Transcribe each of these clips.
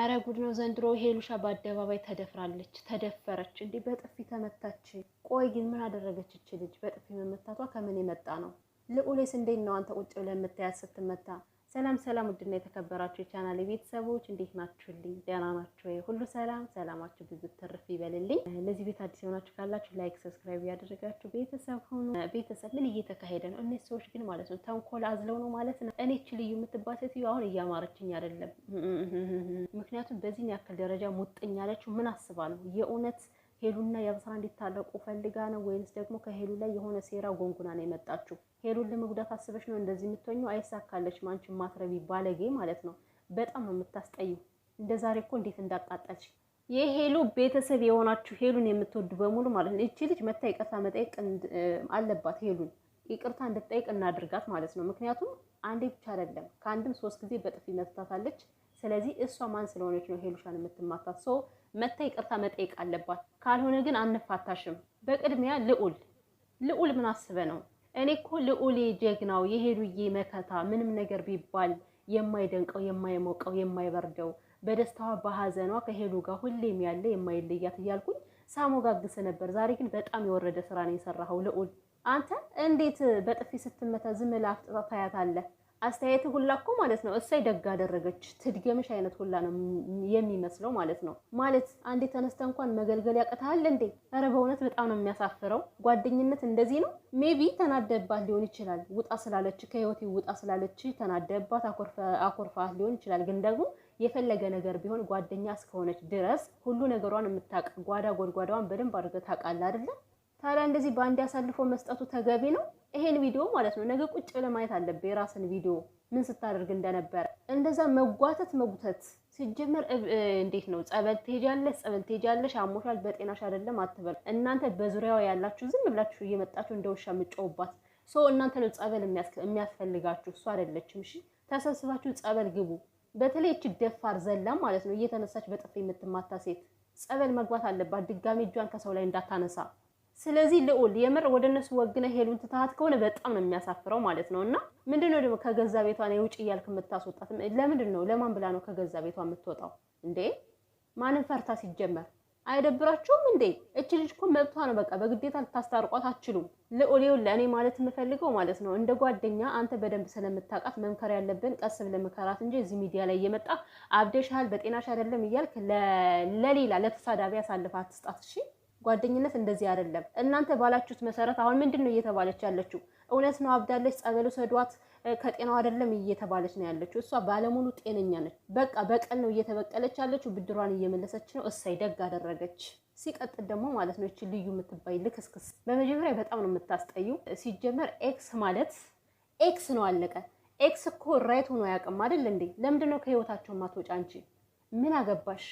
አረ ጉድ ነው ዘንድሮ። ሄሉሻ በአደባባይ ተደፍራለች፣ ተደፈረች፣ እንዲህ በጥፊ ተመታች። ቆይ ግን ምን አደረገች እች ልጅ? በጥፊ መመታቷ ከምን የመጣ ነው? ልዑሌስ እንዴት ነው አንተ ቁጭ ብለህ የምታያት ስትመታ ሰላም ሰላም፣ ውድና የተከበራችሁ የቻናል ቤተሰቦች እንዴት ናችሁልኝ? ደህና ናችሁ ወይ? ሁሉ ሰላም ሰላማችሁ ብዙ ትርፍ ይበልልኝ። ለዚህ ቤት አዲስ የሆናችሁ ካላችሁ ላይክ፣ ሰብስክራይብ ያደረጋችሁ ቤተሰብ ሁኑ። ቤተሰብ ምን እየተካሄደ ነው? እነዚህ ሰዎች ግን ማለት ነው ተንኮል አዝለው ነው ማለት ነው። እኔ ልዩ የምትባት ሴትዮ አሁን እያማረችኝ አይደለም። ምክንያቱም በዚህን ያክል ደረጃ ሙጥኝ ያለችው ምን አስባ ነው የእውነት ሄሉና የአብስራ እንዲታረቁ ፈልጋ ነው ወይንስ ደግሞ ከሄሉ ላይ የሆነ ሴራ ጎንጉና ነው የመጣችው? ሄሉን ለመጉዳት አስበሽ ነው እንደዚህ የምትወኙ? አይሳካለች። ማንች ማትረቢ ባለጌ ማለት ነው። በጣም ነው የምታስጠይው። እንደ ዛሬ እኮ እንዴት እንዳቃጣች የሄሉ ቤተሰብ የሆናችሁ ሄሉን የምትወዱ በሙሉ ማለት ነው። እቺ ልጅ መታ ይቅርታ መጠየቅ አለባት። ሄሉን ይቅርታ እንድትጠይቅ እናድርጋት ማለት ነው። ምክንያቱም አንዴ ብቻ አይደለም ከአንድም ሶስት ጊዜ በጥፊ መታታለች። ስለዚህ እሷ ማን ስለሆነች ነው ሄሉሻን የምትማታት? ሰው መታ ይቅርታ መጠየቅ አለባት። ካልሆነ ግን አንፋታሽም። በቅድሚያ ልዑል ልዑል ምን አስበ ነው? እኔ እኮ ልዑል ጀግናው የሄሉዬ መከታ ምንም ነገር ቢባል የማይደንቀው የማይሞቀው የማይበርደው በደስታዋ በሀዘኗ ከሄሉ ጋር ሁሌም ያለ የማይለያት እያልኩኝ ሳሞጋግሰ ነበር። ዛሬ ግን በጣም የወረደ ስራ ነው የሰራኸው ልዑል። አንተ እንዴት በጥፊ ስትመታ ዝም ብለህ አፍጥጠህ ታያታለህ? አስተያየት ሁላ እኮ ማለት ነው እሷ ደግ አደረገች ትድገምሽ አይነት ሁላ ነው የሚመስለው ማለት ነው። ማለት አንዴ ተነስተ እንኳን መገልገል ያቅታል እንዴ? ኧረ በእውነት በጣም ነው የሚያሳፍረው። ጓደኝነት እንደዚህ ነው። ሜቢ ተናደባት ሊሆን ይችላል። ውጣ ስላለች ከህይወቴ ውጣ ስላለች ተናደባት፣ አኮርፋት ሊሆን ይችላል። ግን ደግሞ የፈለገ ነገር ቢሆን ጓደኛ እስከሆነች ድረስ ሁሉ ነገሯን የምታውቅ ጓዳ ጎድጓዳዋን በደንብ አድርገህ ታውቃለህ አይደለም ታዲያ እንደዚህ በአንድ አሳልፎ መስጠቱ ተገቢ ነው? ይሄን ቪዲዮ ማለት ነው ነገ ቁጭ ብለህ ማየት አለብህ፣ የራስን ቪዲዮ ምን ስታደርግ እንደነበረ። እንደዛ መጓተት መጉተት ሲጀመር እንዴት ነው? ጸበል ትሄጃለሽ፣ ጸበል ትሄጃለሽ፣ አሞሻል፣ በጤናሽ አይደለም አትበል። እናንተ በዙሪያው ያላችሁ ዝም ብላችሁ እየመጣችሁ እንደ ውሻ የምትጮውባት ሰው እናንተ ነው ጸበል የሚያስፈልጋችሁ፣ እሱ አይደለችም። እሺ ተሰብስባችሁ ጸበል ግቡ። በተለይ እቺ ደፋር ዘላ ማለት ነው እየተነሳች በጥፊ የምትማታ ሴት ጸበል መግባት አለባት፣ ድጋሚ እጇን ከሰው ላይ እንዳታነሳ ስለዚህ ልዑል የምር ወደ እነሱ ወግነ ሄሉን ትታት ከሆነ በጣም ነው የሚያሳፍረው ማለት ነው። እና ምንድነው ደግሞ ከገዛ ቤቷ ነው የውጭ እያልክ የምታስወጣት? ለምንድን ነው ለማን ብላ ነው ከገዛ ቤቷ የምትወጣው እንዴ? ማንም ፈርታ ሲጀመር አይደብራችሁም እንዴ? እች ልጅ እኮ መብቷ ነው። በቃ በግዴታ ልታስታርቋት አትችሉም። ልዑል ለእኔ ማለት የምፈልገው ማለት ነው እንደ ጓደኛ አንተ በደንብ ስለምታውቃት መምከር ያለብን ቀስ ብለህ ምከራት እንጂ እዚህ ሚዲያ ላይ እየመጣ አብደሻል፣ በጤናሽ አይደለም እያልክ ለሌላ ለተሳዳቢ አሳልፈህ አትስጣት። እሺ ጓደኝነት እንደዚህ አይደለም። እናንተ ባላችሁት መሰረት አሁን ምንድን ነው እየተባለች ያለችው? እውነት ነው አብዳለች፣ ጸበሉ ሰዷት ከጤናው አይደለም እየተባለች ነው ያለችው። እሷ ባለሙሉ ጤነኛ ነች። በቃ በቀል ነው እየተበቀለች ያለችው፣ ብድሯን እየመለሰች ነው። እሳይ ደግ አደረገች። ሲቀጥል ደግሞ ማለት ነው ይቺ ልዩ የምትባይ ልክስክስ፣ በመጀመሪያ በጣም ነው የምታስጠዩ። ሲጀመር ኤክስ ማለት ኤክስ ነው፣ አለቀ። ኤክስ እኮ ራይት ሆኖ አያውቅም አይደል እንዴ? ለምንድን ነው ከህይወታቸው ማትወጫ አንቺ? ምን አገባሽ?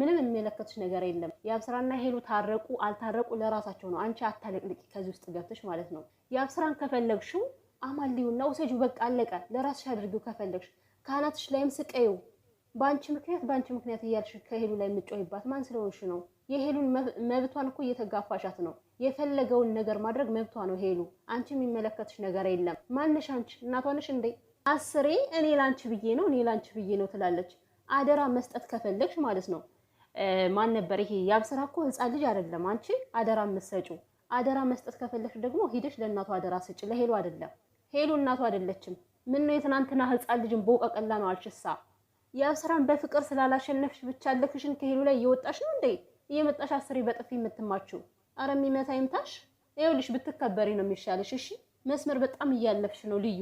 ምንም የሚመለከትሽ ነገር የለም። የአብስራና ሄሉ ታረቁ አልታረቁ ለራሳቸው ነው። አንቺ አታለቅልቂ ከዚህ ውስጥ ገብተሽ ማለት ነው። የአብስራን ከፈለግሽው አማሊውና ውሰጁ፣ በቃ አለቀ። ለራስሽ አድርጊው ከፈለግሽ። ከአናትች ላይም ስቀዩ። በአንቺ ምክንያት በአንቺ ምክንያት እያልሽ ከሄሉ ላይ የምጮይባት ማን ስለሆንሽ ነው? የሄሉን መብቷን እኮ እየተጋፋሻት ነው። የፈለገውን ነገር ማድረግ መብቷ ነው ሄሉ። አንቺ የሚመለከትሽ ነገር የለም። ማንሽ አንቺ እናቷ ነሽ እንዴ? አስሬ እኔ ላንቺ ብዬ ነው እኔ ላንቺ ብዬ ነው ትላለች። አደራ መስጠት ከፈለግሽ ማለት ነው ማን ነበር ይሄ ያን እኮ ህፃን ልጅ አይደለም። አንቺ አደራ የምትሰጩ አደራ መስጠት ከፈለሽ ደግሞ ሂደሽ ለእናቱ አደራ ስጭ። ለሄሉ አይደለም፣ ሄሉ እናቱ አይደለችም። ምን ነው የትናንትና ህፃን ልጅን በውቀቀላ ነው አልችሳ ያን በፍቅር ስላላሸነፍሽ ብቻ ልክሽን ከሄሉ ላይ እየወጣሽ ነው እንዴ? እየመጣሽ አስሬ በጥፊ የምትማችው። አረ የሚመታ ይምታሽ። ይኸውልሽ ብትከበሪ ነው የሚሻለሽ እሺ መስመር በጣም እያለፍሽ ነው ልዩ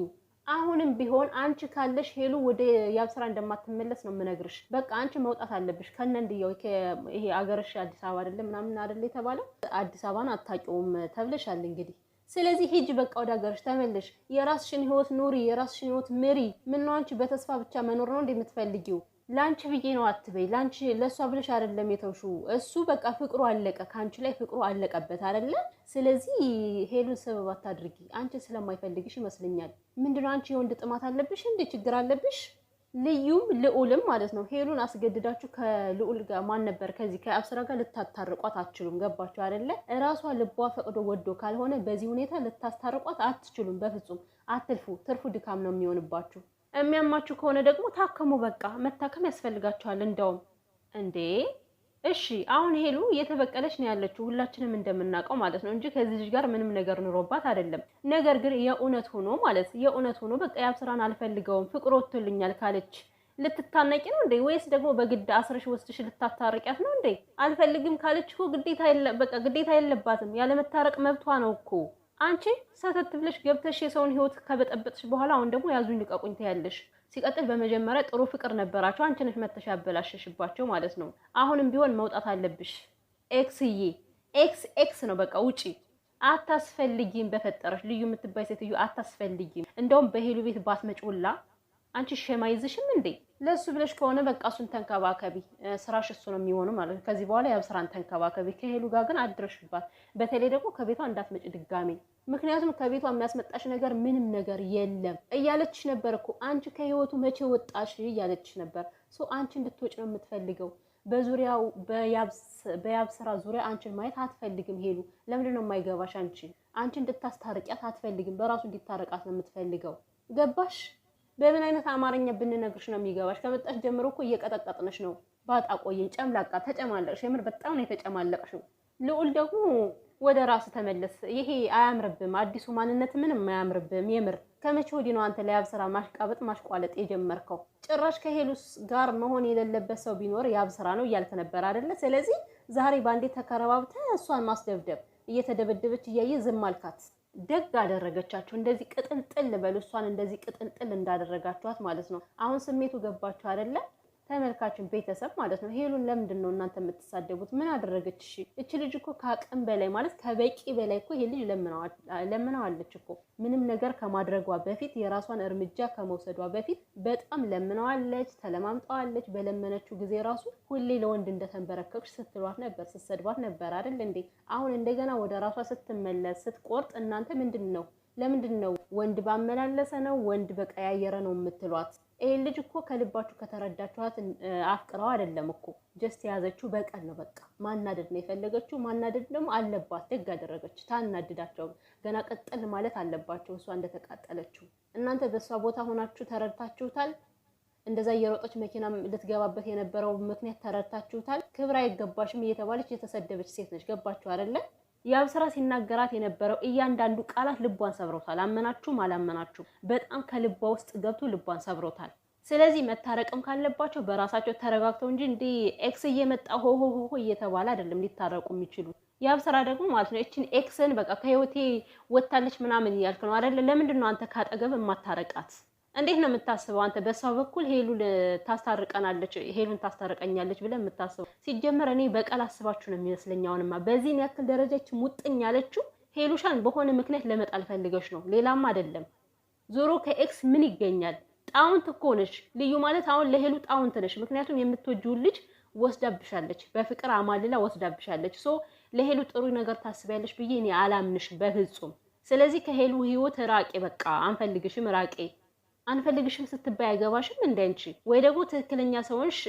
አሁንም ቢሆን አንቺ ካለሽ ሄሉ ወደ ያብ ስራ እንደማትመለስ ነው የምነግርሽ። በቃ አንቺ መውጣት አለብሽ ከነ እንድያው ይሄ አገርሽ አዲስ አበባ አይደለም ምናምን አይደለ የተባለው አዲስ አበባን አታውቂውም ተብለሻል እንግዲህ ስለዚህ ሂጅ በቃ ወደ ሀገርሽ ተመለሽ። የራስሽን ህይወት ኑሪ፣ የራስሽን ህይወት ምሪ። ምነው አንቺ በተስፋ ብቻ መኖር ነው እንደምትፈልጊው? ላንቺ ብዬ ነው አትበይ። ላንቺ ለእሷ ብለሽ አይደለም የተውሹ። እሱ በቃ ፍቅሩ አለቀ፣ ከአንቺ ላይ ፍቅሩ አለቀበት አይደለ? ስለዚህ ሄሉን ሰበብ አታድርጊ። አንቺ ስለማይፈልግሽ ይመስለኛል። ምንድነው አንቺ የወንድ ጥማት አለብሽ እንዴ? ችግር አለብሽ? ልዩም ልዑልም ማለት ነው ሄሉን አስገድዳችሁ ከልዑል ጋር ማን ነበር ከዚህ ከአብስራ ጋር ልታታርቋት አትችሉም። ገባችሁ አይደለ? እራሷ ልቧ ፈቅዶ ወዶ ካልሆነ በዚህ ሁኔታ ልታስታርቋት አትችሉም። በፍጹም አትልፉ። ትርፉ ድካም ነው የሚሆንባችሁ። የሚያማችሁ ከሆነ ደግሞ ታከሙ። በቃ መታከም ያስፈልጋችኋል። እንደውም እንዴ እሺ አሁን ሄሉ እየተበቀለች ነው ያለችው፣ ሁላችንም እንደምናውቀው ማለት ነው እንጂ ከዚህ ልጅ ጋር ምንም ነገር ኑሮባት አይደለም። ነገር ግን የእውነት ሆኖ ማለት የእውነት ሆኖ በቃ ያብስራን አልፈልገውም ፍቅር ወጥቶልኛል ካለች ልትታነቂ ነው እንዴ? ወይስ ደግሞ በግድ አስረሽ ወስድሽ ልታታረቂያት ነው እንዴ? አልፈልግም ካለች እኮ ግዴታ በቃ ግዴታ የለባትም። ያለመታረቅ መብቷ ነው እኮ አንቺ ሰተት ብለሽ ገብተሽ የሰውን ህይወት ከበጠበጥሽ በኋላ አሁን ደግሞ ያዙኝ ልቀቁኝ ትያለሽ። ሲቀጥል በመጀመሪያ ጥሩ ፍቅር ነበራቸው፣ አንቺ ነሽ መተሽ ያበላሸሽባቸው ማለት ነው። አሁንም ቢሆን መውጣት አለብሽ ኤክስዬ። ኤክስ ኤክስ ነው በቃ ውጪ። አታስፈልጊም፣ በፈጠረች ልዩ የምትባይ ሴትዮ አታስፈልጊም። እንደውም በሄሉ ቤት ባትመጪ ሁላ አንቺ ሸማ እንዴ? ለእሱ ብለሽ ከሆነ በቃ እሱን ተንከባከቢ፣ ስራሽ እሱ ነው የሚሆኑ ማለት ነው። ከዚህ በኋላ ያብ ስራን ተንከባከቢ። ከሄሉ ጋር ግን አድረሽባት። በተለይ ደግሞ ከቤቷ እንዳትመጭ ድጋሜ፣ ምክንያቱም ከቤቷ የሚያስመጣሽ ነገር ምንም ነገር የለም እያለች ነበር እኮ አንቺ ከህይወቱ መቼ ወጣሽ እያለች ነበር። ሶ አንቺ እንድትወጭ ነው የምትፈልገው። በዙሪያው በያብ ስራ ዙሪያ አንቺን ማየት አትፈልግም ሄሉ። ለምንድን ነው የማይገባሽ? አንቺ አንቺ እንድታስታርቂያት አትፈልግም። በራሱ እንዲታረቃት ነው የምትፈልገው። ገባሽ? በምን አይነት አማርኛ ብንነግርሽ ነው የሚገባሽ? ከመጣሽ ጀምሮ እኮ እየቀጠቀጥንሽ ነው። ባጣ ቆየን፣ ጨምላቃ ተጨማለቅሽ። የምር በጣም ነው የተጨማለቅሽው። ልዑል ደግሞ ወደ ራሱ ተመለስ። ይሄ አያምርብም፣ አዲሱ ማንነት ምንም አያምርብም። የምር ከመቼ ወዲህ ነው አንተ ለያብ ማሽቃበጥ ማሽቋለጥ የጀመርከው? ጭራሽ ከሄሉስ ጋር መሆን የሌለበት ሰው ቢኖር ያብ ነው እያልክ ነበር አደለ? ስለዚህ ዛሬ ባንዴ ተከረባብተ እሷን ማስደብደብ እየተደበደበች እያየ ዝም አልካት። ደግ አደረገቻችሁ። እንደዚህ ቅጥልጥል በሉ እሷን እንደዚህ ቅጥልጥል እንዳደረጋችኋት ማለት ነው። አሁን ስሜቱ ገባችሁ አይደለም? ተመልካችን ቤተሰብ ማለት ነው። ሄሉን ለምንድን ነው እናንተ የምትሳደቡት? ምን አደረገች? እሺ እች ልጅ እኮ ከአቅም በላይ ማለት ከበቂ በላይ እኮ ይሄ ልጅ ለምነዋለች እኮ ምንም ነገር ከማድረጓ በፊት የራሷን እርምጃ ከመውሰዷ በፊት በጣም ለምነዋለች፣ ተለማምጠዋለች። በለመነችው ጊዜ ራሱ ሁሌ ለወንድ እንደተንበረከች ስትሏት ነበር፣ ስትሰድቧት ነበር አይደል እንዴ? አሁን እንደገና ወደ ራሷ ስትመለስ ስትቆርጥ እናንተ ምንድን ነው ለምንድን ነው ወንድ ባመላለሰ ነው ወንድ በቀያየረ ነው የምትሏት? ይሄን ልጅ እኮ ከልባችሁ ከተረዳችኋት አፍቅረው አይደለም እኮ ጀስት የያዘችው በቀል ነው። በቃ ማናደድ ነው የፈለገችው። ማናደድ ደግሞ አለባት። ደግ ያደረገች ታናድዳቸው ገና ቀጠል ማለት አለባቸው። እሷ እንደተቃጠለችው እናንተ በእሷ ቦታ ሆናችሁ ተረድታችሁታል። እንደዛ እየሮጠች መኪና ልትገባበት የነበረው ምክንያት ተረድታችሁታል። ክብር አይገባሽም እየተባለች የተሰደበች ሴት ነች። ገባችሁ አይደለም? ስራ ሲናገራት የነበረው እያንዳንዱ ቃላት ልቧን ሰብሮታል። አመናችሁም አላመናችሁም በጣም ከልቧ ውስጥ ገብቶ ልቧን ሰብሮታል። ስለዚህ መታረቅም ካለባቸው በራሳቸው ተረጋግተው እንጂ እንዲህ ኤክስ እየመጣ ሆሆሆ እየተባለ አይደለም ሊታረቁ የሚችሉት። ያብስራ ደግሞ ማለት ነው እችን ኤክስን በቃ ከህይወቴ ወታለች ምናምን እያልክ ነው አይደለ? ለምንድን ነው አንተ ካጠገብ የማታረቃት? እንዴት ነው የምታስበው አንተ? በሰው በኩል ሄሉ ታስታርቀናለች፣ ሄሉን ታስታርቀኛለች ብለን የምታስበው ሲጀመር፣ እኔ በቀል አስባችሁ ነው የሚመስለኝ። አሁንማ በዚህን ያክል ደረጃች ሙጥኝ ያለችው ሄሉሻን በሆነ ምክንያት ለመጣል ፈልገች ነው፣ ሌላም አይደለም። ዞሮ ከኤክስ ምን ይገኛል? ጣውንት እኮ ነች ልዩ ማለት አሁን ለሄሉ ጣውንት ነች። ምክንያቱም የምትወጂውን ልጅ ወስዳብሻለች፣ በፍቅር አማልላ ወስዳብሻለች። ሶ ለሄሉ ጥሩ ነገር ታስቢያለች ብዬ እኔ አላምንሽ በፍጹም። ስለዚህ ከሄሉ ህይወት ራቄ፣ በቃ አንፈልግሽም፣ ራቄ አንፈልግሽም ስትባይ አይገባሽም እንደንቺ ወይ ደግሞ ትክክለኛ ሰዎች